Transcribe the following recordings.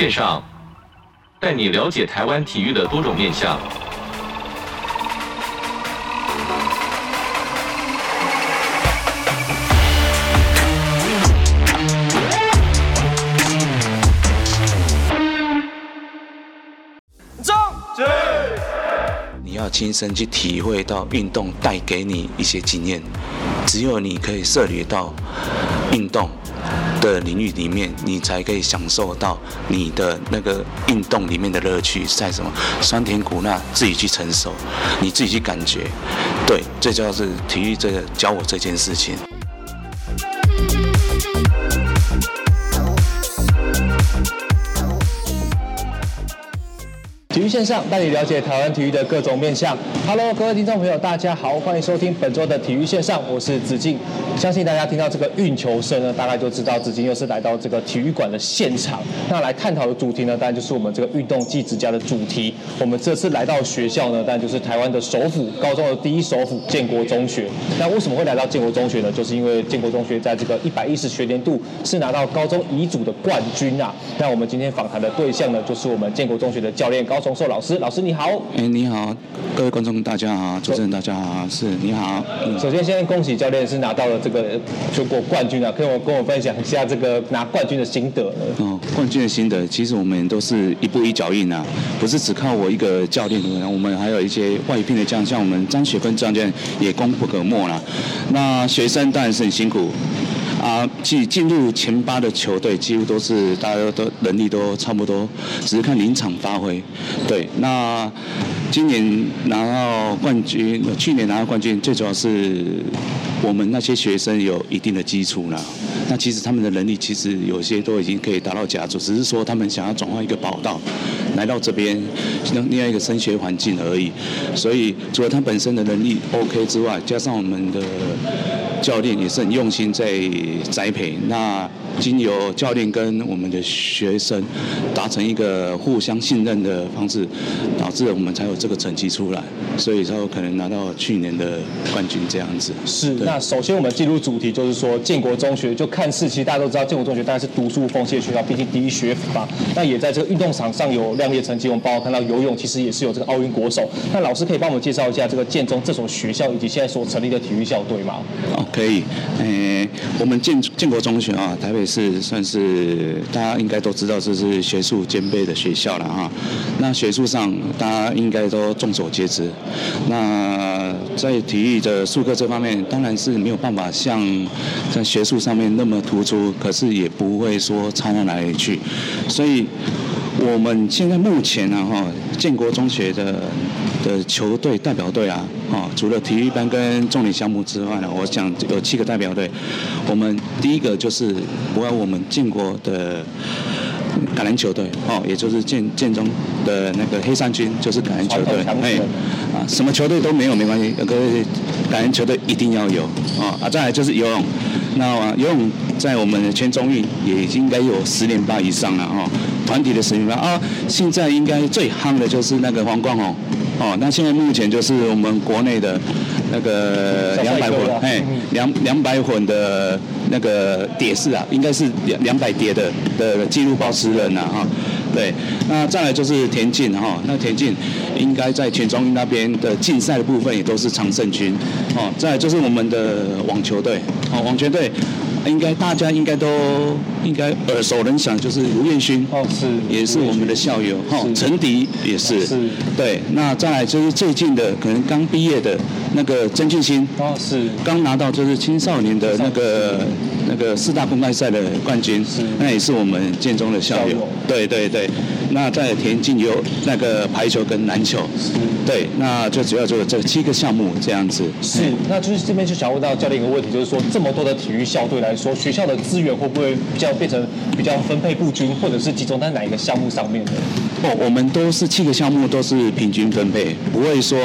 線上帶你了解台灣體育的多種面向。你要親身去體會到運動帶給你一些經驗，只有你可以涉獵到運動的領域裡面，你才可以享受到你的那個運動裡面的樂趣，在什麼酸甜苦辣自己去承受，你自己去感覺，對，這就是體育這個教我這件事情。線上帶你了解台灣體育的各種面向。Hello，各位聽眾朋友，大家好，歡迎收聽本周的體育線上，我是子敬。相信大家聽到這個運球聲呢，大概就知道子敬又是來到這個體育館的現場。那來探討的主題呢，當然就是我們這個運動技職家的主題。我們這次來到學校呢，當然就是台灣的首府高中的第一首府建國中學。那為什麼會來到建國中學呢？就是因為建國中學在這個一百一十學年度是拿到高中乙組的冠軍啊。那我們今天訪談的對象呢，就是我們建國中學的教練高崇壽。老師，老師你好。哎、欸，你好，各位觀眾大家好，主持人大家好，是你好。嗯、首先，先恭喜教練是拿到了這個全國冠軍啊！可以我跟我分享一下這個拿冠軍的心得。嗯、哦，冠軍的心得，其實我們都是一步一腳印啊，不是只靠我一個教練，我們還有一些外聘的將，像我們張雪芬教練也功不可沒啦。那學生當然是很辛苦啊，去進入前八的球隊，幾乎都是大家都能力都差不多，只是看臨場發揮。對。對，那今年拿到冠軍，去年拿到冠軍，最主要是我們那些學生有一定的基礎啦。那其實他們的能力其實有些都已經可以達到甲組，只是說他們想要轉換一個跑道，來到這邊，另外一個升學環境而已。所以除了他本身的能力 OK 之外，加上我們的教練也是很用心在栽培。那經由教練跟我們的學生達成一個互相信任的方式。導致我們才有這個成績出來，所以說可能拿到去年的冠軍這樣子。是，對那首先我們進入主題，就是說建國中學就看似，其實大家都知道，建國中學大概是讀書風氣的學校，畢竟第一學府吧，那也在這個運動場上有亮眼的成績，我們包括看到游泳，其實也是有這個奧運國手。那老師可以幫我們介紹一下這個建中這所學校以及現在所成立的體育校隊嗎？哦，可以。誒，我們建建國中學啊，台北市算是大家應該都知道，這是學術兼備的學校了啊。那學術，上大家應該都眾所皆知，那在體育的術科這方面，當然是沒有辦法像在學術上面那麼突出，可是也不會說差到哪裡去。所以，我們現在目前呢，哈，建國中學的的球隊代表隊啊，哦，除了體育班跟重點項目之外呢，我想有七個代表隊。我們第一個就是，不要我們建國的。橄欖球隊哦，也就是建建中的那個黑衫軍，就是橄欖球隊，哎，啊，什麼球隊都沒有沒關係，各位橄欖球隊一定要有啊、哦、啊！再來就是游泳，那、啊、游泳在我們全中運也應該有十連霸以上了哦。團體的十連霸啊，現在應該最夯的就是那個黃光宏，哦，那現在目前就是我們國內的。那個兩百混，哎，兩兩百混的那個蝶式啊，應該是兩兩百蝶的的紀錄保持人吶，哈，對。那再來就是田徑哈，那田徑應該在全中運那邊的競賽的部分也都是常勝軍，哦，再來就是我們的網球隊，哦，網球隊。應該大家應該都應該耳熟能詳，就是盧彥勳。哦，是，也是我們的校友，陳迪也是，是，對，那在就是最近的可能剛畢業的那個曾俊欣，哦，是，剛拿到就是青少年的那個那個四大公開賽的冠軍，是，那也是我們建中的校友，校友，對對對，那在田徑有那個排球跟籃球，對，那就主要就是這七個項目這樣子，是，那就是這邊就想問到教練一個問題，就是說這麼多的體育校隊來。來說，學校的資源會不會比較變成比較分配不均，或者是集中在哪一個項目上面的？哦，我們都是七個項目都是平均分配，不會說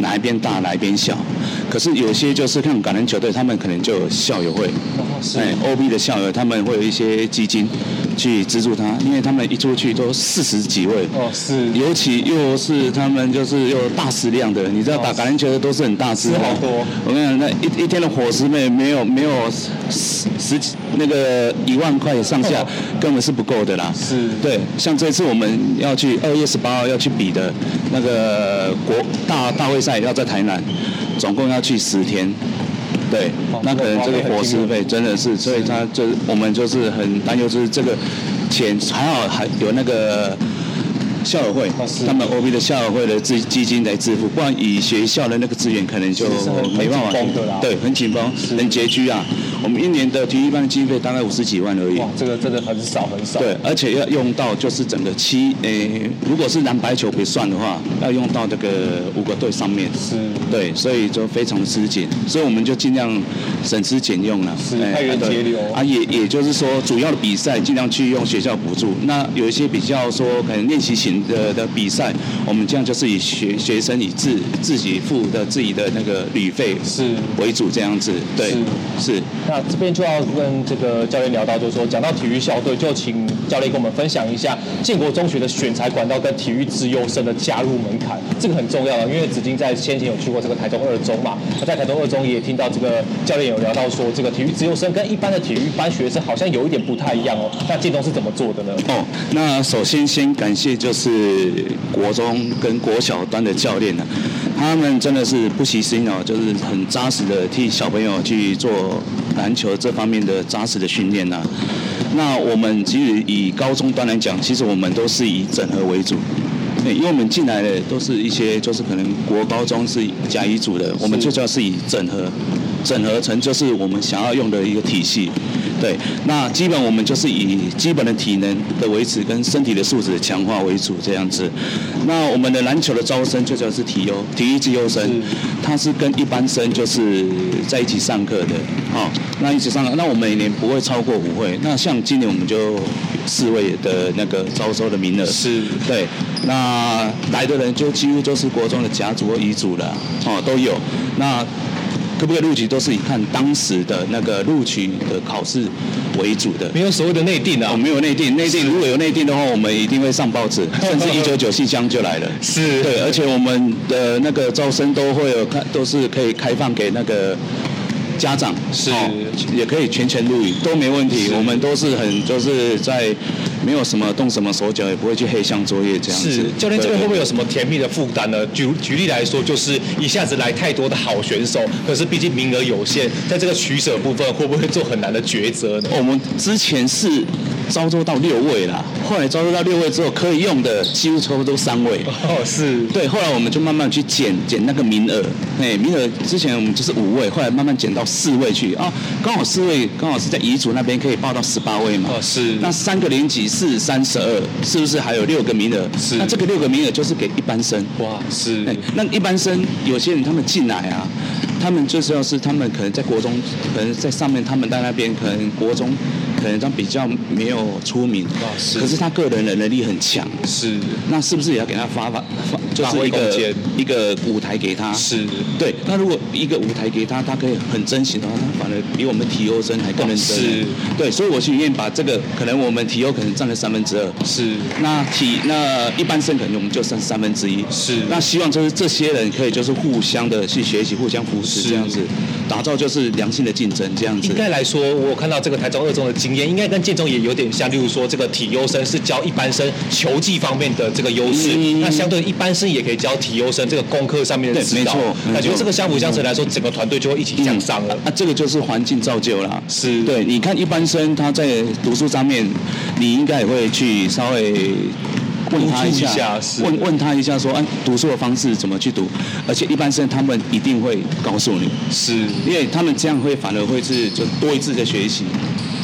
哪一邊大哪一邊小。可是有些就是看橄欖球隊，他們可能就校友會，哎、是哦、對，OB 的校友他們會有一些基金。去資助他，因為他們一出去都四十幾位，哦，是，尤其又是他們就是又大食量的，哦，你知道打橄欖球的都是很大食，是好多。我跟你講，那一一天的伙食沒沒有沒有十十幾那個一萬塊上下，哦，根本是不夠的啦。是，對，像這次我們要去二月十八號要去比的那個國大大會賽，要在台南，總共要去十天。對，那可能這個伙食費真的是，所以他就我們就是很擔憂，就是這個錢還好，好還有那個。校友會，哦、他們 O B 的校友會的資基金來支付，不然以學校的那個資源可能就沒辦法，很對，很緊繃，的很拮据啊。我們一年的體育班的經費大概五十幾萬而已，這個真的很少很少。對，而且要用到就是整個七，誒、欸，如果是藍白球不算的話，要用到這個五個隊上面，是的，對，所以就非常的吃緊，所以我們就盡量省吃儉用了，是，哎，節流、啊。啊，也也就是說主要的比賽盡量去用學校補助，那有一些比較說可能練習型。的的比賽，我們這樣就是以學學生以自自己付的自己的那個旅費是為主這樣子，對是。那這邊就要跟這個教練聊到，就是說講到體育校隊，就請教練跟我們分享一下建國中學的選材管道跟體育資優生的加入門檻，這個很重要啊，因為子敬在先前有去過這個台中二中嘛，在台中二中也聽到這個教練有聊到說，這個體育資優生跟一般的體育班學生好像有一點不太一樣哦，那建中是怎麼做的呢？哦，那首先先感謝就是。是國中跟國小端的教練呢、啊，他們真的是不辭心哦、喔，就是很扎實的替小朋友去做籃球這方面的扎實的訓練吶。那我們其實以高中端來講，其實我們都是以整合為主，欸、因為我們進來的都是一些就是可能國高中是甲乙組的，我們最主要是以整合，整合成就是我們想要用的一個體系。對，那基本我們就是以基本的體能的維持跟身體的素質的強化為主這樣子。那我們的籃球的招生，就主要是體優、體育、資優生，他是，是跟一般生就是在一起上課的，哦，那一起上課。那我們每年不會超過五位，那像今年我們就四位的那個招收的名額，是對。那來的人就幾乎就是國中的甲組和乙組了，哦，都有，那。可不可以錄取都是以看當時的那個錄取的考試為主的，沒有所謂的內定我、啊哦、沒有內定。內定是如果有內定的話，我們一定會上報紙，甚至一九九新疆就來了。 是，對，而且我們的那個招生都會有看，都是可以開放給那個家長，是、哦、也可以全程錄影。都沒問題。是我們都是很就是在。沒有什麼動什麼手腳，也不會去黑箱作業這樣子。是，教練這個會不會有什麼甜蜜的負擔呢？舉舉例來說，就是一下子來太多的好選手，可是畢竟名額有限，在這個取捨部分，會不會做很難的抉擇呢？我們之前是招收到六位啦，後來招收到六位之後，可以用的幾乎差不多三位哦，是對，後來我們就慢慢去減減那個名額，哎，名額之前我們就是五位，後來慢慢減到四位去啊，剛好四位剛好是在乙組那邊可以報到十八位嘛，哦，是，那三個年級。四三十二，4, 3, 12, 是不是還有六個名額？是。那這個六個名額就是給一般生。哇，是。那一般生有些人他們進來啊。他們最重要是，他們可能在國中，可能在上面，他們在那邊可能國中，可能他比較沒有出名，啊、是，可是他個人的能力很強。是的。那是不是也要給他發發發，就是一個一個舞台給他？是的。對，那如果一個舞台給他，他可以很珍惜的話，他反而比我們體優生還更認真、啊。是，對，所以我情願把這個，可能我們體優可能占了三分之二。是的。那體那一般生可能我們就剩三分之一。是的。那希望就是這些人可以就是互相的去學習，互相扶持。是這樣子，打造就是良性的競爭這樣子。應該來說，我看到這個台中二中的經驗，應該跟建中也有點像。例如說，這個體優生是教一般生球技方面的這個優勢，嗯、那相對一般生也可以教體優生這個功課上面的指導、嗯。對，沒錯。那覺得這個相輔相成來說，嗯、整個團隊就會一起向上了。那、嗯啊、這個就是環境造就了。是。對，你看一般生他在讀書上面，你應該也會去稍微。問他一下，問問他一下，說，哎，讀書的方式怎麼去讀？而且一般是他們一定會告訴你，是，因為他們這樣會反而會是就多一次的學習。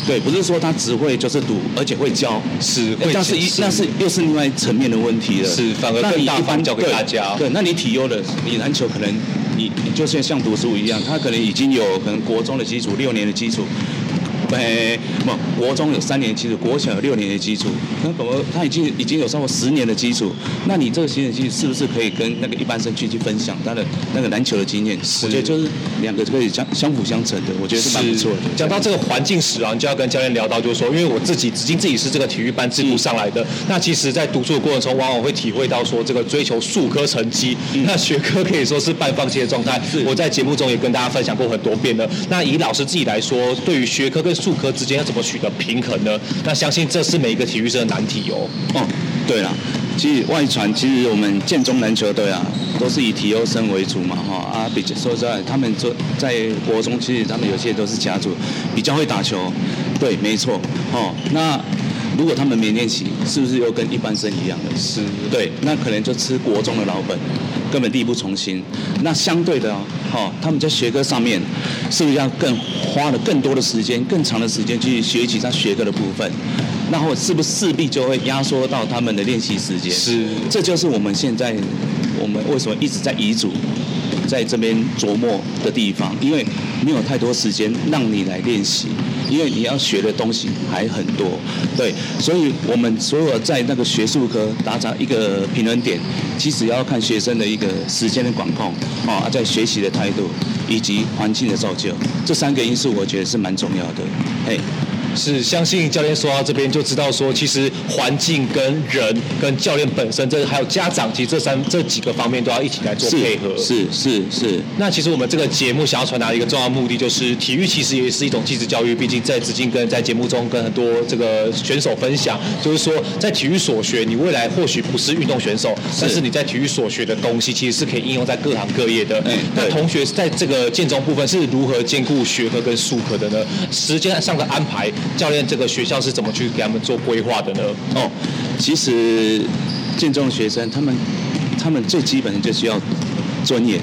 對，不是說他只會就是讀，是而且會教，是，但是那是那是又是另外一層面的問題了，是，反而更大方教對給大家、哦。對，那你體優的，你籃球可能你你就是像讀書一樣，他可能已經有可能國中的基礎，六年的基礎。哎，不、欸，國中有三年的基礎，國小有六年的基礎，他怎麼他已經已經有超過十年的基礎，那你這個經驗其實是不是可以跟那個一般生去去分享他的那個籃球的經驗？是我覺得就是兩個可以相相輔相成的，我覺得是蠻不錯的。講是對到這個環境史啊，你就要跟教練聊到，就是說，因為我自己曾經自己是這個體育班制度上來的，是那其實，在讀書的過程中，中往往會體會到說這個追求術科成績，嗯、那學科可以說是半放棄的狀態。是我在節目中也跟大家分享過很多遍了。那以老師自己來說，對於學科跟數科之間要怎麼取得平衡呢？那相信這是每一個體育生的難題哦。嗯、哦，對啦，其實外傳，其實我們建中籃球隊啊，都是以體優生為主嘛，哈、哦、啊，比較說實在，他們做在國中，其實他們有些都是家族比較會打球。對，沒錯。哦，那如果他們沒練習，是不是又跟一般生一樣？了？是，對，那可能就吃國中的老本。根本力不從心，那相對的，哦，他們在學科上面，是不是要更花了更多的時間、更長的時間去學習他學科的部分？然後是不是勢必就會壓縮到他們的練習時間？是，這就是我們現在我們為什麼一直在遺囑在這邊琢磨的地方，因為沒有太多時間讓你來練習。因為你要學的東西還很多，對，所以我們所有在那個學術科達成一個平衡點，其實要看學生的一個時間的管控，啊、哦，在學習的態度以及環境的造就，這三個因素我覺得是蠻重要的，哎。是，相信教練說到這邊就知道說，其實環境跟人跟教練本身，這還有家長，其實這三這幾個方面都要一起來做配合。是是是。是是是，那其實我們這個節目想要傳達的一個重要的目的，就是體育其實也是一種技職教育。畢竟在資金跟在節目中跟很多這個選手分享，就是說在體育所學，你未來或許不是運動選手，是但是你在體育所學的東西，其實是可以應用在各行各業的。嗯、那同學在這個建中部分是如何兼顧學科跟術科的呢？時間上的安排？教練，這個學校是怎麼去給他們做規劃的呢？哦，其實建中的學生，他們他們最基本的就是要尊嚴，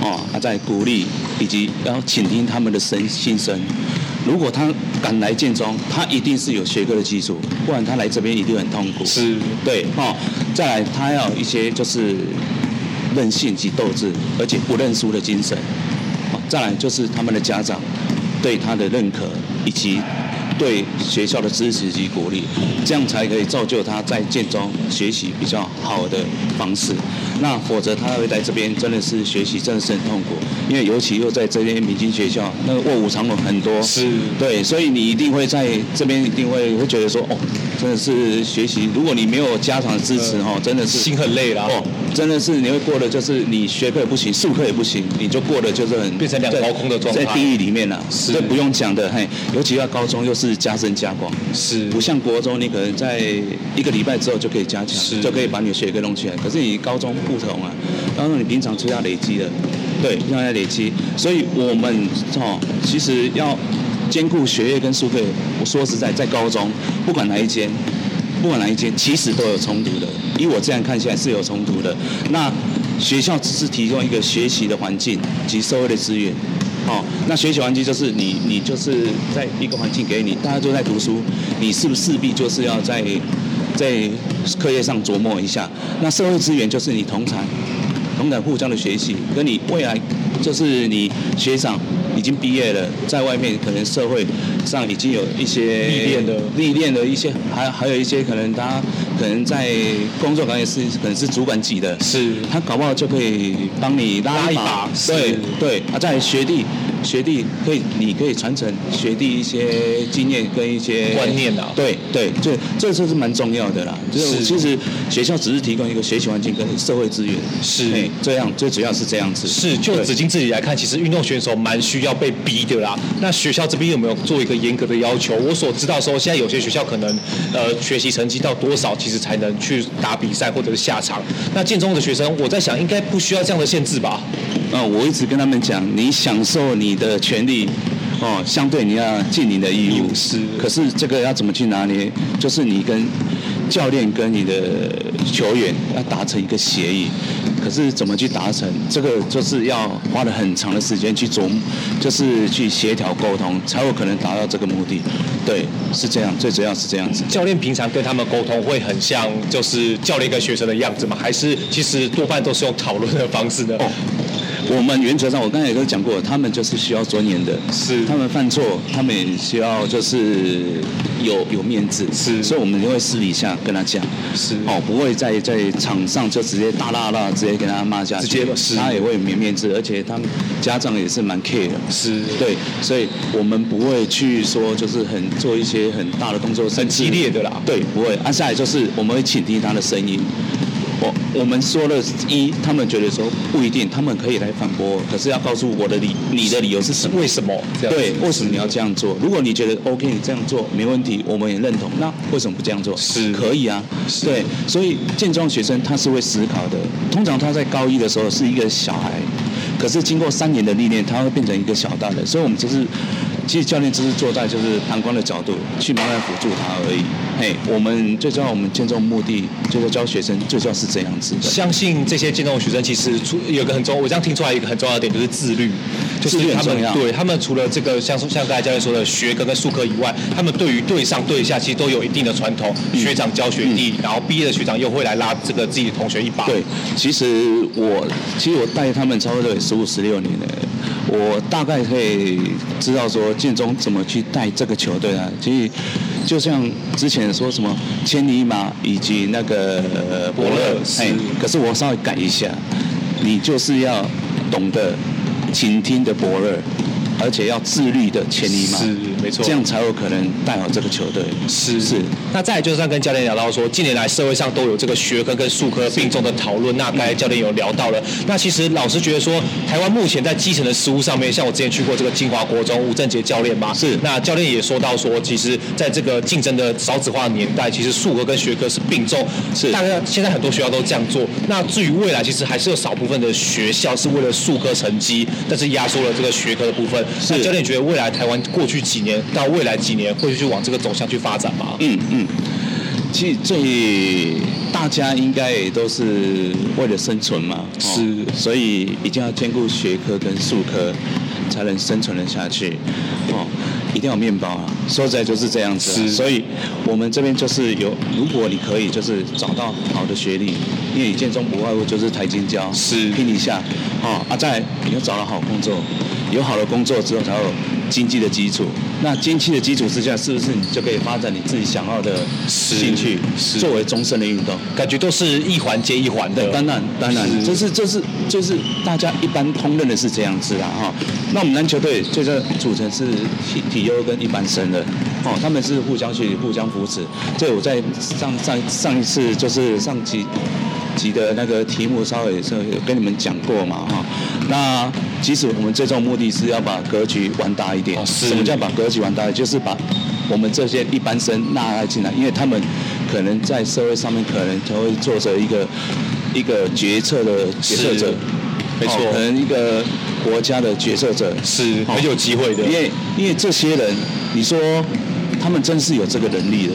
哦，他在鼓勵以及要傾聽他們的心心聲。如果他敢來建中，他一定是有學科的基礎，不然他來這邊一定很痛苦。是，對，哦，再來他要一些就是韌性及鬥志，而且不認輸的精神。哦，再來就是他們的家長對他的認可以及。對學校的支持及鼓勵，這樣才可以造就他在建中學習比較好的方式。那否則他會在這邊真的是學習真的是很痛苦，因為尤其又在這邊明星學校，那個臥虎藏龍很多，是對，所以你一定會在這邊一定會會覺得說哦，真的是學習，如果你沒有家長的支持哦，真的是心很累啦哦，真的是你會過的就是你學科也不行，數科也不行，你就過的就是很變成兩高空的狀態，在地獄裡面了，是這不用講的嘿，尤其要高中又、就是。是加深加廣，是不像國中，你可能在一個禮拜之後就可以加強，是就可以把你的學業弄起來。可是你高中不同啊，高中你平常都要累積的，對，平常要累積。所以我們哈、哦，其實要兼顧學業跟術科。我說實在，在高中不管哪一間，不管哪一間，其實都有衝突的。以我這樣看起來是有衝突的。那學校只是提供一個學習的環境及社會的資源。哦，那學習環境就是你，你就是在一個環境給你，大家都在讀書，你是不是勢必就是要在在課業上琢磨一下？那社會資源就是你同產同等互相的學習，跟你未來就是你學長已經畢業了，在外面可能社會上已經有一些歷練的歷練的一些，還還有一些可能他。可能在工作崗位是，可能是主管級的，是他搞不好就可以幫你拉一把，對，是，對，他在，啊，學弟。學弟可以，你可以傳承學弟一些經驗跟一些觀念的、啊、對對，對這這個是蠻重要的啦。就是。就其實學校只是提供一個學習環境跟社會資源。是。這樣最主要是這樣子。是。就子金自己來看，對其實運動選手蠻需要被逼的啦。那學校這邊有沒有做一個嚴格的要求？我所知道說，現在有些學校可能，呃，學習成績到多少，其實才能去打比賽或者是下場。那建中的學生，我在想，應該不需要這樣的限制吧？嗯、哦，我一直跟他們講，你享受你的權利，哦，相對你要盡你的義務。嗯、是。可是這個要怎麼去拿捏？就是你跟教練跟你的球員要達成一個協議。可是怎麼去達成？這個就是要花了很長的時間去琢磨，就是去協調溝通，才有可能達到這個目的。對，是這樣，最主要是這樣子。教練平常跟他們溝通會很像就是教練跟學生的樣子嗎？還是其實多半都是用討論的方式呢？哦我們原則上，我剛才也都講過，他們就是需要尊嚴的。是，他們犯錯，他們需要就是有有面子。是，所以我們會私底下跟他講。是，哦，不會在在場上就直接大剌剌直接跟他罵下去。直接。是。他也會沒面子，而且他們家長也是蠻 care 的。是。對，所以我們不會去說就是很做一些很大的動作。很激烈的啦。對，不會。接、啊、下來就是我們會傾聽他的聲音。我我們說了一，他們覺得說不一定，他們可以來反駁，可是要告訴我的理，你的理由是什麼是，為什麼？對，為什麼你要這樣做？是如果你覺得 OK，你這樣做沒問題，我們也認同。那為什麼不這樣做？是，可以啊。是對，所以建中學生他是會思考的。通常他在高一的時候是一個小孩，可是經過三年的歷練，他會變成一個小大人。所以，我們只、就是，其實教練只是坐在就是旁觀的角度，去慢慢輔助他而已。嘿，hey, 我們最重要，我們建中的目的就是教學生，最重要是怎樣子。相信這些建中的學生其實出有個很重，我這樣聽出來一個很重要的點就是自律，就是他們對他們除了這個像像剛才教練說的學科跟術科以外，他們對於對上對下其實都有一定的傳統，嗯、學長教學弟，然後畢業的學長又會來拉這個自己的同學一把。對，其實我其實我帶他們差不多十五十六年了。我大概可以知道說，建中怎麼去帶這個球隊啊。其實就像之前說什麼“千里馬”以及那個伯樂。哎，可是我稍微改一下，你就是要懂得傾聽的伯樂。而且要自律的前提嘛，是沒錯，這樣才有可能帶好這個球隊。是是，是那再就是跟教練聊到說，近年來社會上都有這個學科跟術科並重的討論，是那剛才教練有聊到了。那其實老師覺得說，台灣目前在基層的實務上面，像我之前去過這個金華國中吳正杰教練嘛，是。那教練也說到說，其實在這個競爭的少子化年代，其實術科跟學科是並重，是。大家現在很多學校都這樣做。那至於未來，其實還是有少部分的學校是為了術科成績，但是壓縮了這個學科的部分。是那教練覺得未來台灣過去幾年到未來幾年會去往這個走向去發展嗎？嗯嗯，其實這大家應該也都是為了生存嘛，哦、是，所以一定要兼顧學科跟術科，才能生存的下去。哦。一定要有麵包啊，說實在就是這樣子。啊，是所以我們這邊就是有。如果你可以就是找到好的學歷，因為你建中不外乎就是台清交拼是一下，好。啊，再來你又找到好工作，有好的工作之後才有。經濟的基礎，那經濟的基礎之下，是不是你就可以發展你自己想要的興趣，作為終身的運動？感覺都是一環接一環的，當然，當然，是就是就是就是大家一般公認的是這樣子啦哈、哦。那我們籃球隊就是組成是體體優跟一般生的，哦，他們是互相學習、互相扶持。所以我在上上上一次就是上幾集的那個題目，稍微有跟你們講過嘛哈、哦。那。其實我們最終的目的是要把格局玩大一點。什、哦、麼叫把格局玩大？就是把我們這些一般生納入進來，因為他們可能在社會上面可能才會做着一個一個決策的決策者，沒錯、哦，可能一個國家的決策者是很有機會的。因為因為這些人，你說他們真是有這個能力的。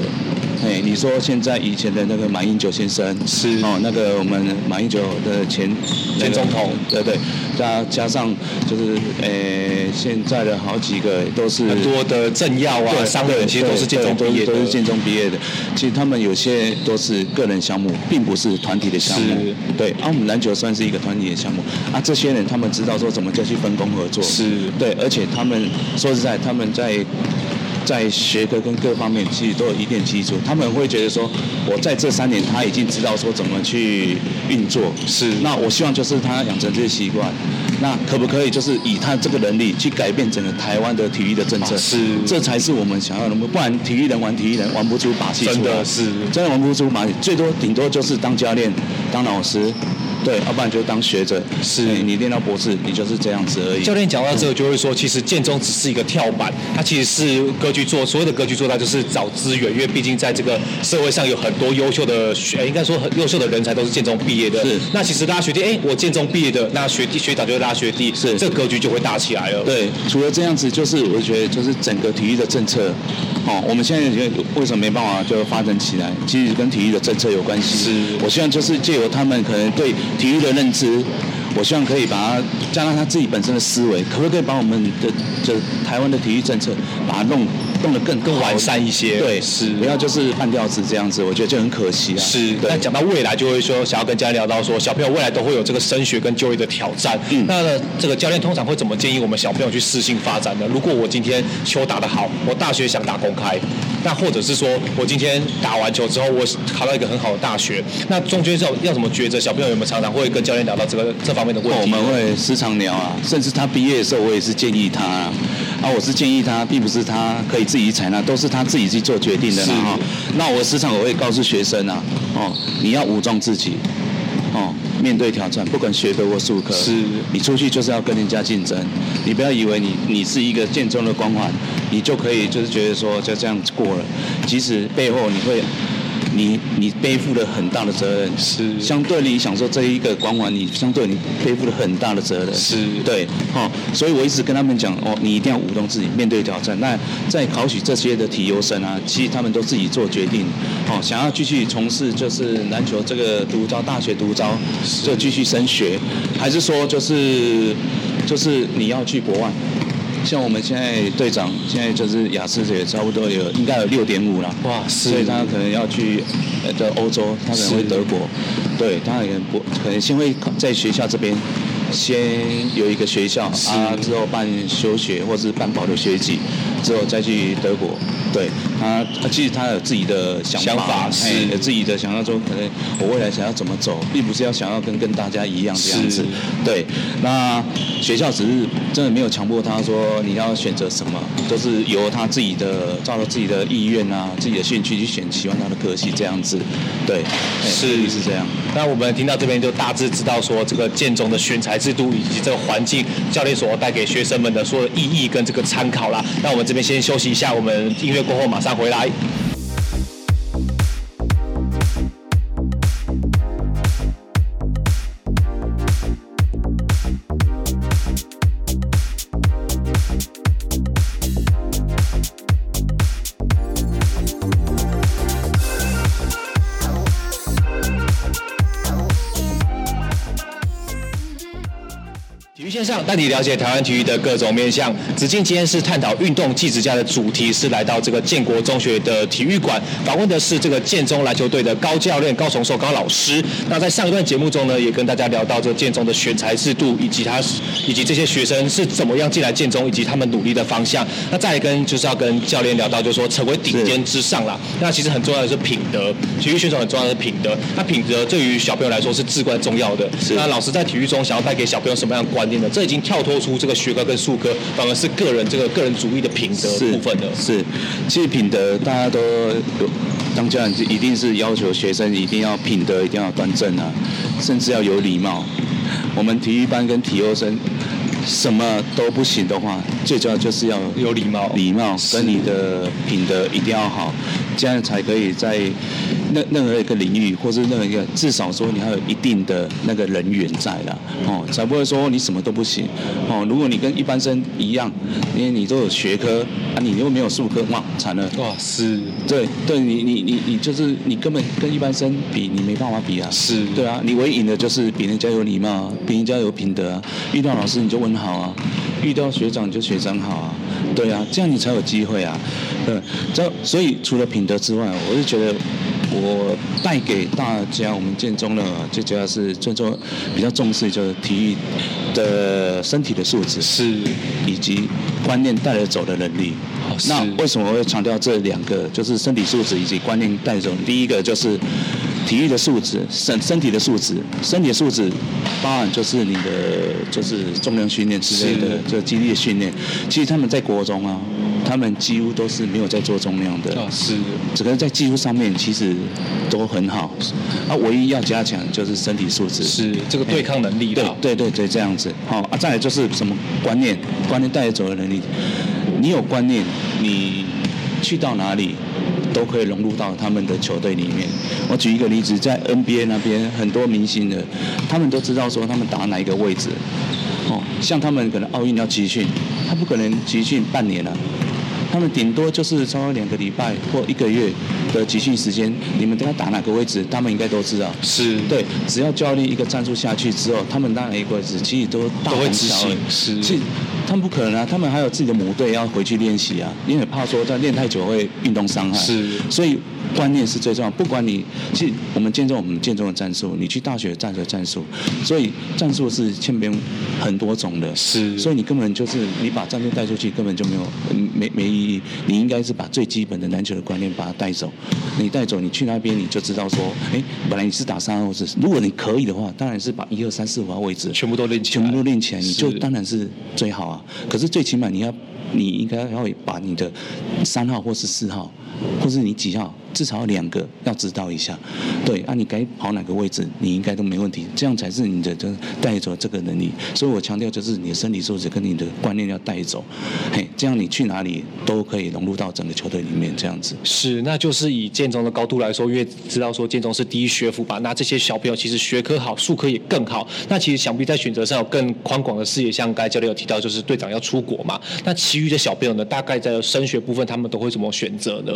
哎，hey, 你說現在以前的那個馬英九先生是哦，那個我們馬英九的前前、那個、總統，對，對對？加加上就是哎、欸，現在的好幾個都是很多的政要啊對，商人其實都是建中畢業都，都是建中畢業的。嗯、其實他們有些都是個人項目，並不是團體的項目。是對。啊，我們籃球算是一個團體的項目。啊，這些人他們知道說怎麼就去分工合作。是，對。而且他們說實在，他們在。在學科跟各方面，其實都有一定基礎。他們會覺得說，我在這三年他已經知道說怎麼去運作。是，那我希望就是他養成這些習慣。那可不可以就是以他這個能力去改變整個台灣的體育的政策？啊、是，這才是我們想要的。不然，體育人玩體育人，玩不出把戲出來。真的是，真的玩不出把戲，最多頂多就是當教練、當老師。對，要不然就當學者。是、嗯，你練到博士，你就是這樣子而已。教練講到這個，就會說，嗯、其實建中只是一個跳板，它其實是格局做，所有的格局做，它就是找資源，因為畢竟在這個社會上有很多優秀的，應該說很優秀的人才都是建中畢業的。是。那其實大家學弟，哎，我建中畢業的,那學弟學長就拉學弟，是，這格局就會大起來了。對，除了這樣子，就是我覺得就是整個體育的政策，哦，我們現在因為為什麼沒辦法就發展起來，其實跟體育的政策有關係。是。我希望就是借由他們可能對。體育的認知，我希望可以把它加上他自己本身的思維，可不可以把我們的這台灣的體育政策把它弄弄得更更完善一些？對，是，是不要就是半吊子這樣子，我覺得就很可惜啊。是，但講到未來，就會說想要跟家裡聊到說小朋友未來都會有這個升學跟就業的挑戰。嗯，那這個教練通常會怎麼建議我們小朋友去適性發展呢？如果我今天球打得好，我大學想打公開。那或者是說我今天打完球之後，我考到一個很好的大學，那中間要要怎麼抉擇？小朋友有沒有常常會跟教練聊到這個這方面的問題？哦，我們會時常聊啊，甚至他畢業的時候，我也是建議他啊，啊，我是建議他，並不是他可以自己採納，都是他自己去做決定的啊。啦。那我時常我會告訴學生啊，哦，你要武裝自己，哦。面對挑戰，不管學科或術科，是，你出去就是要跟人家競爭。你不要以為你你是一個建中的光環，你就可以就是覺得說就這樣過了，其實背後你會。你你背負了很大的責任，是，相對你享受這一個光環，你相對你背負了很大的責任，是，對，好、哦，所以我一直跟他們講，哦，你一定要武裝自己，面對挑戰。那在考取這些的體優生啊，其實他們都自己做決定，好、哦，想要繼續從事就是籃球這個獨招，大學獨招，就繼續升學，是？還是說就是就是你要去國外？像我們現在隊長現在就是雅思也差不多有應該有六點五了，哇，是，所以他可能要去呃，在歐洲，他可能會德國，是對，他也不可能先會在學校這邊先有一個學校，是啊，之後辦休學或者是辦保留學籍，之後再去德國。對，他他其實他有自己的想法，想法是有自己的想像中，可能我未來想要怎麼走，並不是要想要跟跟大家一樣這樣子。是對，那學校只是真的沒有強迫他說你要選擇什麼，都、就是由他自己的照着自己的意願啊、自己的興趣去選，喜歡他的科系這樣子。對，是是這樣。那我們聽到這邊就大致知道說這個建中的選才制度以及這個環境，教練所帶給學生們的所有的意義跟這個參考啦。那我們這邊先休息一下，我們音樂。過後馬上回來。體育線上帶你了解台灣體育的各種面向。子敬今天是探討運動技職家的主題，是來到這個建國中學的體育館訪問的，是這個建中籃球隊的高教練高崇壽高老師。那在上一段節目中呢，也跟大家聊到這個建中的選才制度，以及他以及這些學生是怎麼樣進來建中，以及他們努力的方向。那再跟就是要跟教練聊到，就是說成為頂尖之上了。是那其實很重要的是品德，體育選手很重要的是品德。那品德對於小朋友來說是至關重要的。是那老師在體育中想要帶給小朋友什麼樣的觀念呢？這已經跳脫出這個學科跟術科，反而。是個人這個個人主義的品德部分的。是，是，其實品德大家都當家長就一定是要求學生一定要品德，一定要端正啊，甚至要有禮貌。我們體育班跟體育生，什麼都不行的話，最重要就是要有禮貌，禮貌跟你的品德一定要好。是這樣才可以在那任何、那個、一個領域，或是任何一個，至少說你還有一定的那個人緣在啦，哦，才不會說你什麼都不行。哦，如果你跟一般生一樣，因為你都有學科，啊，你又沒有術科，哇，慘了。哇，是。對，對你，你，你，你就是你根本跟一般生比，你沒辦法比啊。是。對啊，你唯一贏的就是比人家有禮貌，比人家有品德啊。遇到老師你就問好啊。遇到學長就學長好啊，對啊，這樣你才有機會啊。這、嗯、所以除了品德之外，我就覺得我帶給大家我們建中呢、啊，最主要是最重比較重視就是體育的身體的素質是以及觀念帶得走的能力。是那為什麼我會強調這兩個？就是身體素質以及觀念帶走。第一個就是。體育的素質，身身體的素質，身體素質包含就是你的，就是重量訓練之類的，是的，就肌力的訓練。其實他們在國中啊，他們幾乎都是沒有在做重量的，哦、是的，只是在技術上面其實都很好。的啊，唯一要加強就是身體素質，是這個對抗能力、欸。對對對對，這樣子。好啊，再來就是什麼觀念，觀念帶走的能力。你有觀念，你去到哪裡？都可以融入到他們的球隊裡面。我舉一個例子，在 NBA 那邊很多明星的，他們都知道說他們打哪一個位置。哦，像他們可能奧運要集訓，他不可能集訓半年了，啊，他們頂多就是超過兩個禮拜或一個月的集訓時間。你們都要打哪個位置，他們應該都知道。是。對，只要教練一個戰術下去之後，他們打哪一個位置其實都大同小異。是。他們不可能啊！他們還有自己的母隊要回去練習啊，因為很怕說在練太久會運動傷害，是所以。觀念是最重要，不管你去我們建中，我們建中的戰術，你去大學的戰術戰術，所以戰術是千變很多種的，是，所以你根本就是你把戰術帶出去，根本就沒有沒沒意義。你應該是把最基本的籃球的觀念把它帶走，你帶走，你去那邊你就知道說，哎、欸，本來你是打三號位，如果你可以的話，當然是把一二三四五號位置全部都練起來，全部都練起來，你就當然是最好啊。可是最起碼你要。你應該要把你的三號或是四號，或是你幾號，至少兩個要知道一下，對，啊，你該跑哪個位置，你應該都沒問題，這樣才是你的就帶走這個能力。所以我強調就是你的身體素質跟你的觀念要帶走，嘿，這樣你去哪裡都可以融入到整個球隊裡面這樣子。是，那就是以建中的高度來說，越知道說建中是第一學府吧，那這些小朋友其實學科好，術科也更好，那其實想必在選擇上有更寬廣的視野。像剛才教練有提到，就是隊長要出國嘛，那。其。其餘的小朋友呢，大概在升學部分，他們都會怎麼選擇呢？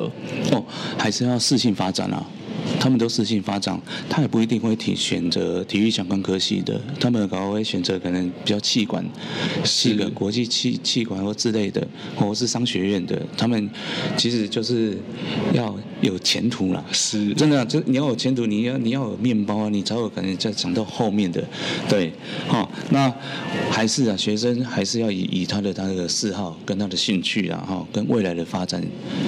哦，還是要適性發展啊。他們都適性發展，他也不一定會體選擇體育相關科系的，他們可能會選擇可能比較企管，個是個國際企企管或之類的，或者是商學院的，他們其實就是要有前途啦，是，真的啊，就你要有前途，你要你要有面包啊，你才有可能再講到後面的，對，好，那還是啊，學生還是要以以他的他的嗜好跟他的興趣啊，哈，跟未來的發展，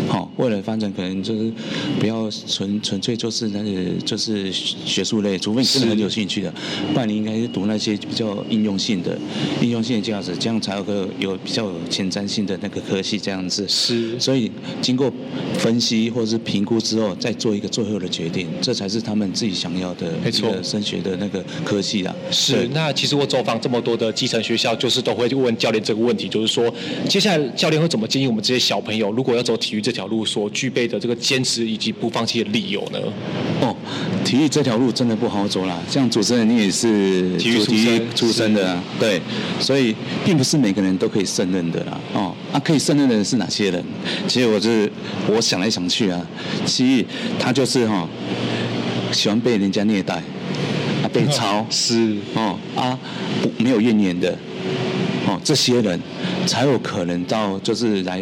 哈，未來的發展可能就是不要純純粹做。就是那就是學術類，除非你真的很有興趣的，是不然你應該讀那些比較應用性的、應用性的這樣子，這樣才有個有比較有前瞻性的那個科系這樣子。是，所以經過，分析，或者是評估之後，再做一個最後的決定，這才是他們自己想要的升學的那個科技啊，沒錯。對。是，那其實我走訪這麼多的基層學校，就是都會問教練這個問題，就是說，接下來教練會怎麼建議我們這些小朋友，如果要走體育這條路，所具備的這個堅持以及不放棄的理由呢？哦。體育這條路真的不好走啦，像主持人你也是體育出身的。啊，對，所以並不是每個人都可以勝任的啦。哦，啊，可以勝任的人是哪些人？其實我是我想來想去啊，體育他就是哈，哦，喜歡被人家虐待，啊，被操，撕，哦，啊不，沒有怨言的，哦，這些人才有可能到就是來。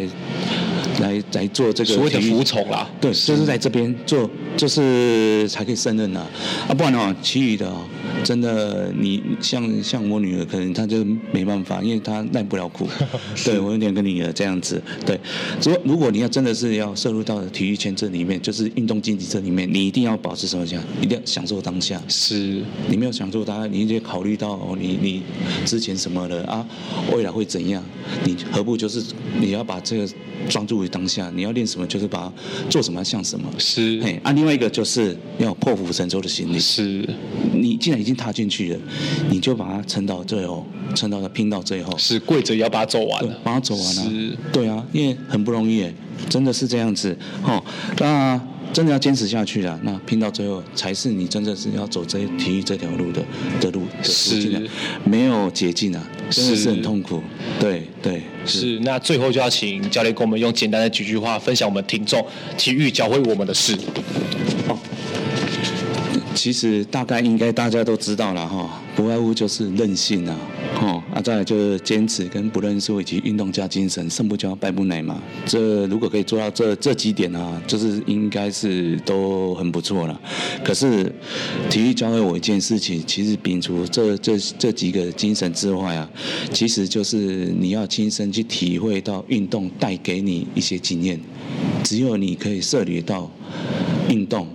來來做這個所謂的服從啦，對，是就是在這邊做，就是才可以勝任吶、啊，啊，不然呢，其餘的啊、哦。真的，你像像我女兒，可能她就沒辦法，因為她耐不了苦。 是對，我有點跟女兒這樣子。對，如如果你要真的是要涉入到體育圈這裡面，就是運動競技這裡面，你一定要保持什麼？講，一定要享受當下。是。你沒有享受當下，你就考慮到、哦、你你之前什麼了啊？未來會怎樣？你何不就是你要把這個專注於當下？你要練什麼就是把做什麼像什麼。是。哎，啊，另外一個就是要破釜沉舟的心理。是。你。你既然已經踏進去了，你就把它撐到最後，撐到它拼到最後，是跪着也要把它走完了，把它走完了，啊，是，對啊，因為很不容易耶，真的是這樣子，吼，那真的要堅持下去了，那拼到最後才是你真的是要走這體育這條路的的路，的路是，沒有捷徑啊，真的是，是，是很痛苦，對對，是，是，那最後就要請教練跟我們用簡單的幾句話分享我們聽眾，體育教會我們的事。其實大概應該大家都知道了哈，不外乎就是任性啊，吼，啊、再來就是堅持跟不認輸，以及運動家精神，勝不驕，敗不餒嘛。這如果可以做到這這幾點啊，就是應該是都很不錯了。可是體育教會我一件事情，其實摒除這這這幾個精神之外啊，其實就是你要親身去體會到運動帶給你一些經驗。只有你可以涉獵到運動。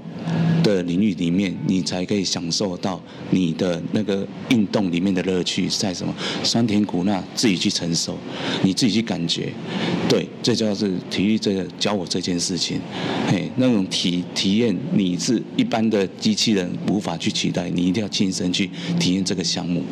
的領域裡面，你才可以享受到你的那個運動裡面的樂趣，在什麼酸甜苦辣自己去承受，你自己去感覺。對，這就是體育這個教我這件事情，嘿、欸，那種體體驗你是一般的機器人無法去取代，你一定要親身去體驗這個項目，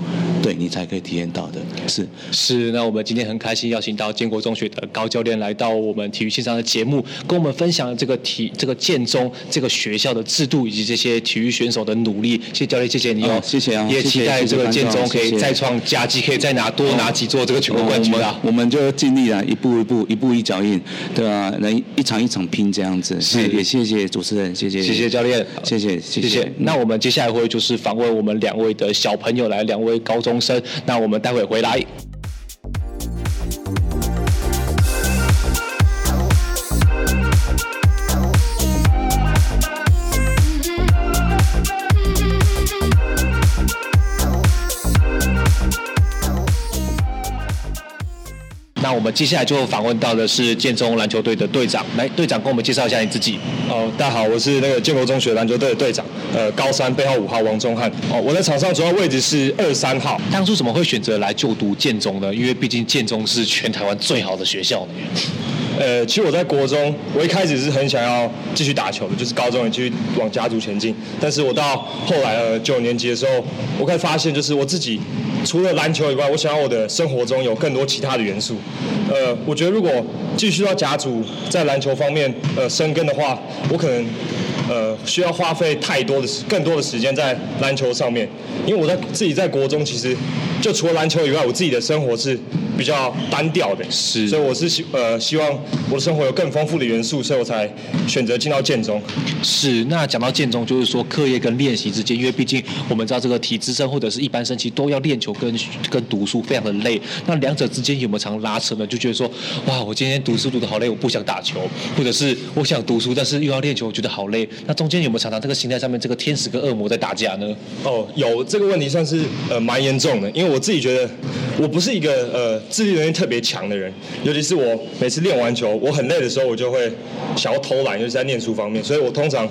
對，你才可以體驗到的。是是，那我們今天很開心邀請到建國中學的高教練來到我們體育線上的節目，跟我們分享這個體這個建中這個學校的制度，以及這些體育選手的努力，謝謝教練，謝謝你哦，謝謝啊、哦，也謝謝期待這個建中謝可以再創佳績，可以再拿多拿幾座、哦、這個全國冠軍啊！哦、我們我們就盡力啦，一步一步，一步一腳印，對啊，能一,一場一場拼這樣子，是的也謝謝主持人，謝謝，謝謝教練，好謝謝，謝謝。謝謝那我們接下來會就是訪問我們兩位的小朋友來，來兩位高中生，那我們待會回來。那我們接下來就訪問到的是建中籃球隊的隊長，來，隊長跟我們介紹一下你自己。哦，大家好，我是那個建國中學籃球隊的隊長，呃，高三背號五號王中翰。哦，我在場上主要位置是二三號。當初怎麼會選擇來就讀建中呢？因為畢竟建中是全台灣最好的學校呢。 呃，其實我在國中，我一開始是很想要繼續打球的，就是高中也繼續往甲組前進。但是我到後來呃九年級的時候，我開始發現，就是我自己除了籃球以外，我想要我的生活中有更多其他的元素。呃，我覺得如果繼續到甲組在籃球方面呃生根的話，我可能。呃，需要花費太多的、更多的時間在籃球上面，因為我在自己在國中其實就除了籃球以外，我自己的生活是比較單調的。是，所以我是希呃希望我的生活有更豐富的元素，所以我才選擇進到建中。是，那講到建中，就是說課業跟練習之間，因為畢竟我們知道這個體資生或者是一般生，其實都要練球跟跟讀書，非常的累。那兩者之間有沒有常拉扯呢？就覺得說，哇，我今天讀書讀得好累，我不想打球，或者是我想讀書，但是又要練球，我覺得好累。那中間有沒有常常這個心態上面這個天使跟惡魔在打架呢？哦，有這個問題算是呃蠻嚴重的，因為我自己覺得我不是一個呃自律能力特別強的人，尤其是我每次練完球我很累的時候，我就會想要偷懶，尤其是在念書方面，所以我通常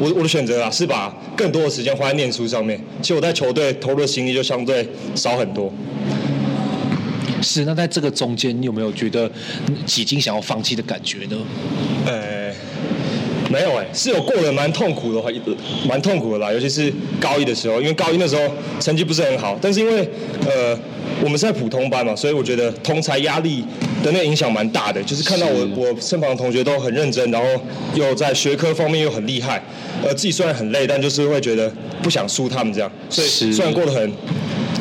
我我的選擇啊是把更多的時間花在念書上面，其實我在球隊投入的心力就相對少很多。是，那在這個中間，你有沒有覺得幾經想要放棄的感覺呢？呃、哎。沒有哎、欸，是有過得蠻痛苦的，蠻痛苦的啦。尤其是高一的時候，因為高一那時候成績不是很好，但是因為呃我們是在普通班嘛，所以我覺得同儕壓力的那影響蠻大的。就是看到我是我身旁的同學都很認真，然後又在學科方面又很厲害，呃自己雖然很累，但就是會覺得不想輸他們這樣，所以雖然過得很。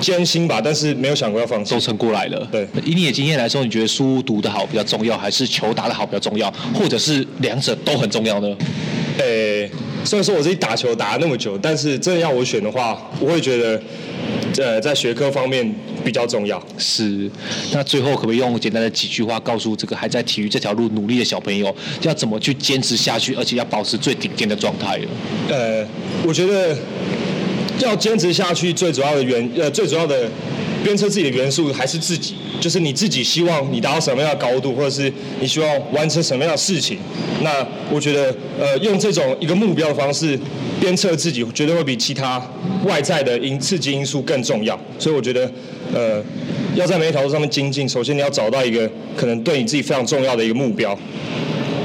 艱辛吧，但是沒有想過要放棄，都撐過來了。對，以你的經驗來說，你覺得書讀得好比較重要，還是球打得好比較重要，或者是兩者都很重要呢？呃、欸，雖然說我自己打球打了那麼久，但是真的要我選的話，我會覺得，這、呃、在學科方面比較重要。是，那最後可不可以用簡單的幾句話告訴這個還在體育這條路努力的小朋友，要怎麼去堅持下去，而且要保持最頂尖的狀態了？呃，我覺得。要堅持下去，最主要的原，呃，最主要的鞭策自己的元素還是自己，就是你自己希望你達到什麼樣的高度，或者是你希望完成什麼樣的事情。那我覺得呃，用這種一個目標的方式鞭策自己，絕對會比其他外在的因，刺激因素更重要。所以我覺得呃，要在每一條路上面精進，首先你要找到一個可能對你自己非常重要的一個目標。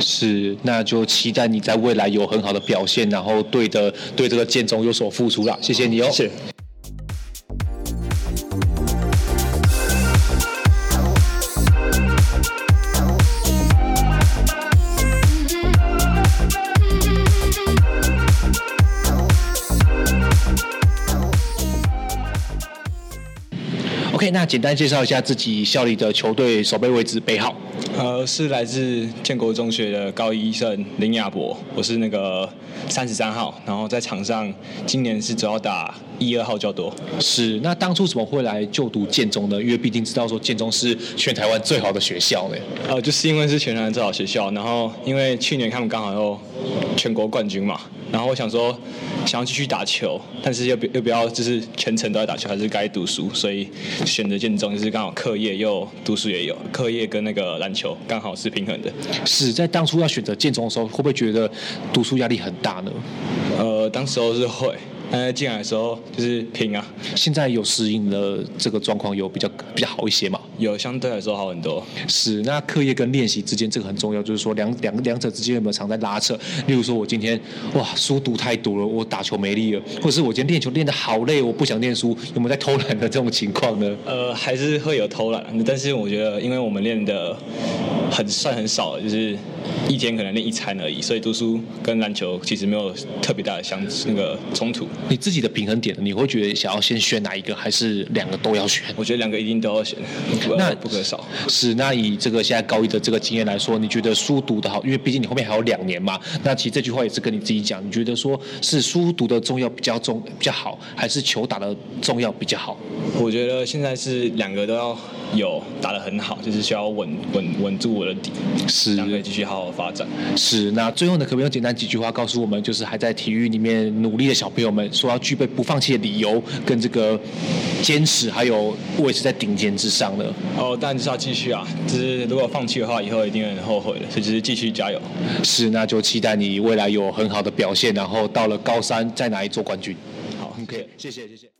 是，那就期待你在未來有很好的表現，然後對的，對這個建中有所付出啦，啊，謝謝你哦。是。謝謝。OK，那簡單介紹一下自己效力的球隊、守備位置、背號。呃，是來自建國中學的高一生林亞博，我是那個三十三號，然後在場上今年是主要打一二號較多。是，那當初怎麼會來就讀建中呢？因為畢竟知道說建中是全台灣最好的學校呢。呃，就是因為是全台灣最好學校，然後因為去年他們剛好又全國冠軍嘛，然後我想說。想要繼續打球，但是又不又不要，就是全程都在打球，還是該讀書，所以選擇建中，就是剛好課業又讀書也有，課業跟那個籃球剛好是平衡的。是，在當初要選擇建中的時候，會不會覺得讀書壓力很大呢？呃，當時候是會。呃，進來的時候就是拼啊。現在有適應的這個狀況，有比較比較好一些嘛？有，相對來說好很多。是，那課業跟練習之間這個很重要，就是說兩兩兩者之間有沒有常在拉扯？例如說，我今天哇書讀太多了，我打球沒力了，或者是我今天練球練得好累，我不想念書，有沒有在偷懶的這種情況呢？呃，還是會有偷懶，但是我覺得因為我們練的很算很少，就是一天可能練一餐而已，所以讀書跟籃球其實沒有特別大的相那個衝突。你自己的平衡點，你會覺得想要先選哪一個，還是兩個都要選？我覺得兩個一定都要選，不那不可少。是，那以這個現在高一的這個經驗來說，你覺得書讀的好，因為畢竟你後面還有兩年嘛。那其實這句話也是跟你自己講，你覺得說是書讀的重要比較重比較好，還是球打的重要比較好？我覺得現在是兩個都要。有打得很好，就是需要穩穩穩住我的底，然後是可以繼續好好的發展。是，那最後呢，可不可以用簡單幾句話告訴我們，就是還在體育裡面努力的小朋友們，說要具備不放棄的理由跟這個堅持，還有維持在頂尖之上的。哦，當然是要繼續啊，就是如果放棄的話，以後一定會很後悔的，所以就是繼續加油。是，那就期待你未來有很好的表現，然後到了高三再來做冠軍。好，OK，謝謝，謝謝。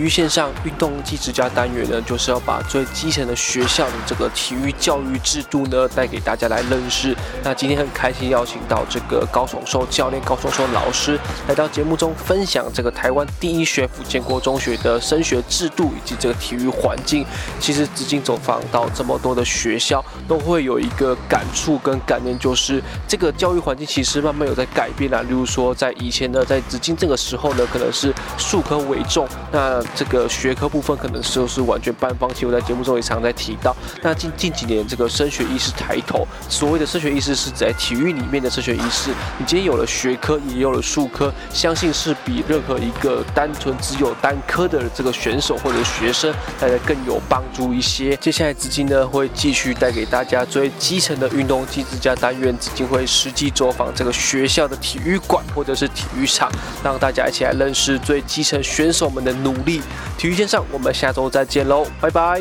體育線上運動技職家單元呢，就是要把最基層的學校的這個體育教育制度呢，帶給大家來認識。那今天很開心邀請到這個高崇壽教練、高崇壽老師來到節目中分享這個台灣第一學府建國中學的升學制度以及這個體育環境。其實資金走訪到這麼多的學校，都會有一個感觸跟感念，就是這個教育環境其實慢慢有在改變啦。例如說，在以前呢，在資金這個時候呢，可能是數科為重，那這個學科部分可能不是完全半放棄，我在節目中也常在提到。那近近幾年這個升學意識抬頭，所謂的升學意識是指在體育裡面的升學意識。你今天有了學科，也有了術科，相信是比任何一個單純只有單科的這個選手或者學生，大家更有幫助一些。接下來資金呢會繼續帶給大家最基層的運動，技職家單元，資金會實際走訪這個學校的體育館或者是體育場，讓大家一起來認識最基層選手們的努力。體育線上，我們下周再見嘍，拜拜。